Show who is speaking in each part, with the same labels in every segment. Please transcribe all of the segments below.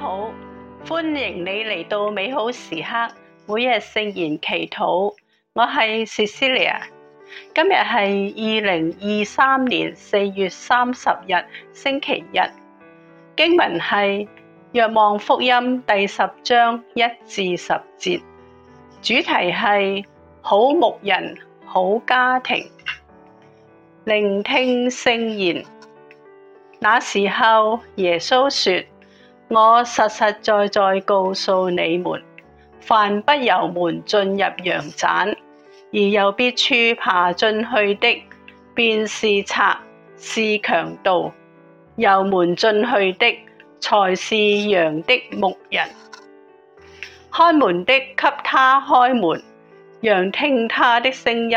Speaker 1: 好，歡迎你嚟到美好時刻每日聖言祈禱，我係 Cecilia。今日係二零二三年四月三十日星期日，經文係《若望福音》第十章一至十節，主題係好牧人、好家庭。聆聽聖言，那時候耶穌說：我實實在在告訴你們，凡不由門進入羊棧，而又別處爬進去的，便是賊，是強盜；由門進去的，才是羊的牧人。開門的給他開門，羊聽他的聲音。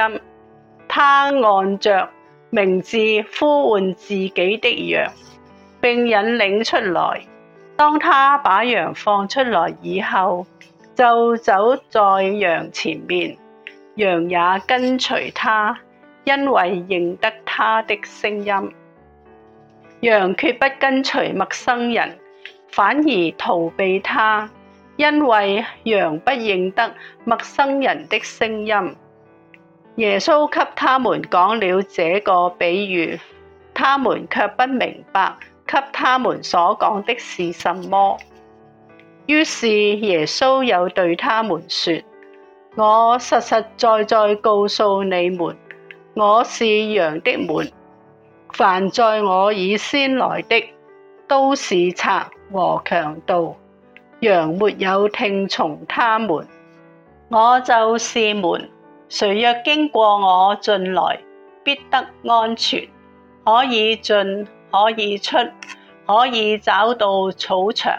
Speaker 1: 他按着名字呼喚自己的羊，並引領出來。當他把羊放出來以後，就走在羊前面，羊也跟隨他，因為認得他的聲音。羊決不跟隨陌生人，反而逃避他，因為羊不認得陌生人的聲音。耶穌給他們講了這個比喻，他們卻不明白。給他們所講的是什麼？於是耶穌又對他們說：我實實在在告訴你們，我是羊的門。凡在我以先來的，都是賊和強盜。羊沒有聽從他們。我就是門，誰若經過我進來，必得安全，可以進。可以出，可以找到草場。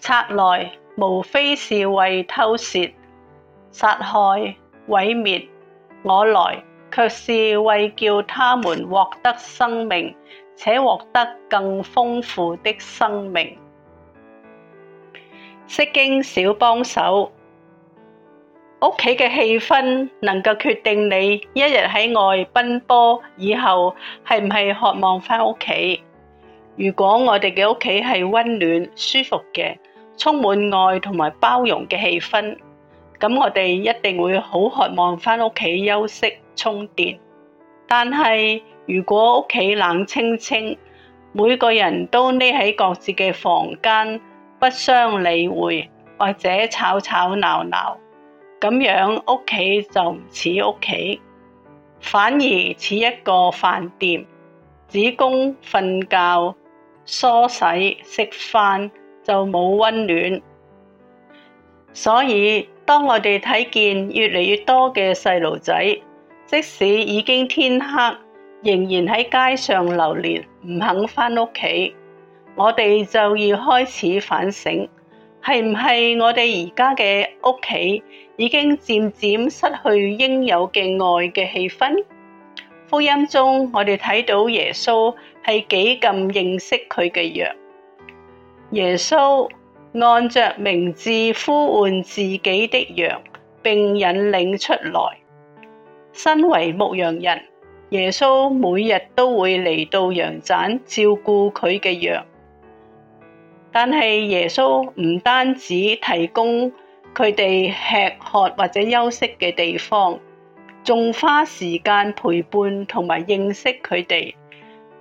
Speaker 1: 賊來，無非是為偷竊、殺害、毀滅。我來，卻是為叫他們獲得生命，且獲得更豐富的生命。釋經小幫手。屋企嘅氣氛能夠決定你一日喺外奔波以後係唔係渴望翻屋企。如果我哋嘅屋企係溫暖、舒服嘅，充滿愛同埋包容嘅氣氛，咁我哋一定會好渴望翻屋企休息、充電。但係如果屋企冷清清，每個人都匿喺各自嘅房間，不相理會或者吵吵鬧鬧。咁樣屋企就唔似屋企，反而似一個飯店，只供瞓覺、梳洗、食飯，就冇溫暖。所以，當我哋睇見越嚟越多嘅細路仔，即使已經天黑，仍然喺街上流連，唔肯返屋企，我哋就要開始反省。係唔係我哋而家嘅屋企已經漸漸失去應有嘅愛嘅氣氛？福音中我哋睇到耶穌係幾咁認識佢嘅羊。耶穌按着名字呼喚自己的羊，並引領出來。身為牧羊人，耶穌每日都會嚟到羊棧照顧佢嘅羊。但係耶穌唔單止提供佢哋吃喝或者休息嘅地方，仲花時間陪伴同埋認識佢哋，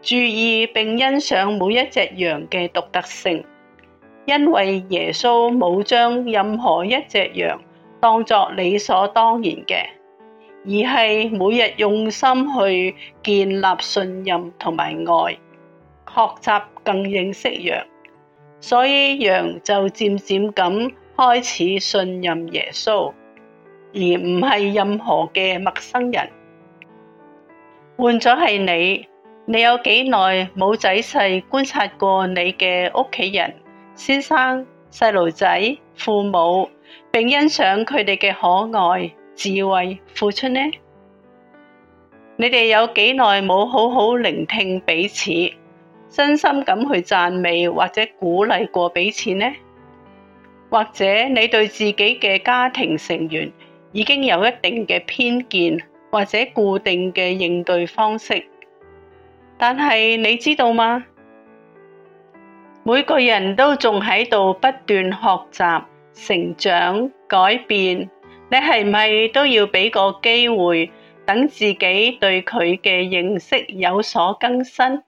Speaker 1: 注意並欣賞每一隻羊嘅獨特性。因為耶穌冇將任何一隻羊當作理所當然嘅，而係每日用心去建立信任同埋愛，學習更認識羊。所以羊就漸漸咁開始信任耶穌，而唔係任何嘅陌生人。換咗係你，你有幾耐冇仔細觀察過你嘅屋企人、先生、細路仔、父母，並欣賞佢哋嘅可愛、智慧、付出呢？你哋有幾耐冇好好聆聽彼此，真心咁去讚美或者鼓勵過彼此呢？或者你對自己嘅家庭成員已經有一定嘅偏見或者固定嘅應對方式，但係你知道嗎？每個人都仲喺度不斷學習、成長、改變。你係咪都要俾個機會，等自己對佢嘅認識有所更新？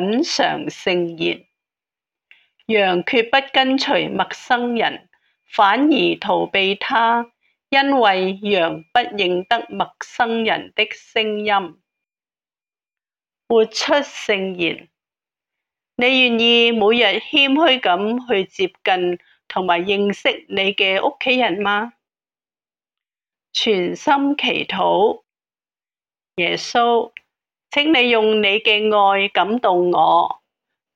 Speaker 1: 品嚐聖言，羊絕不跟隨陌生人，反而逃避他，因為羊不認得陌生人的聲音。活出聖言，你願意每日謙虛咁去接近同埋認識你嘅屋企人嗎？全心祈禱，耶穌。請你用你嘅愛感動我，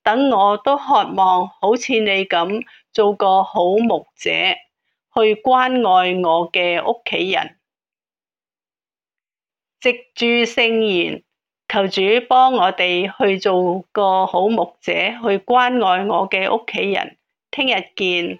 Speaker 1: 等我都渴望好似你咁做個好牧者，去關愛我嘅屋企人。藉住聖言，求主幫我哋去做個好牧者，去關愛我嘅屋企人。聽日見。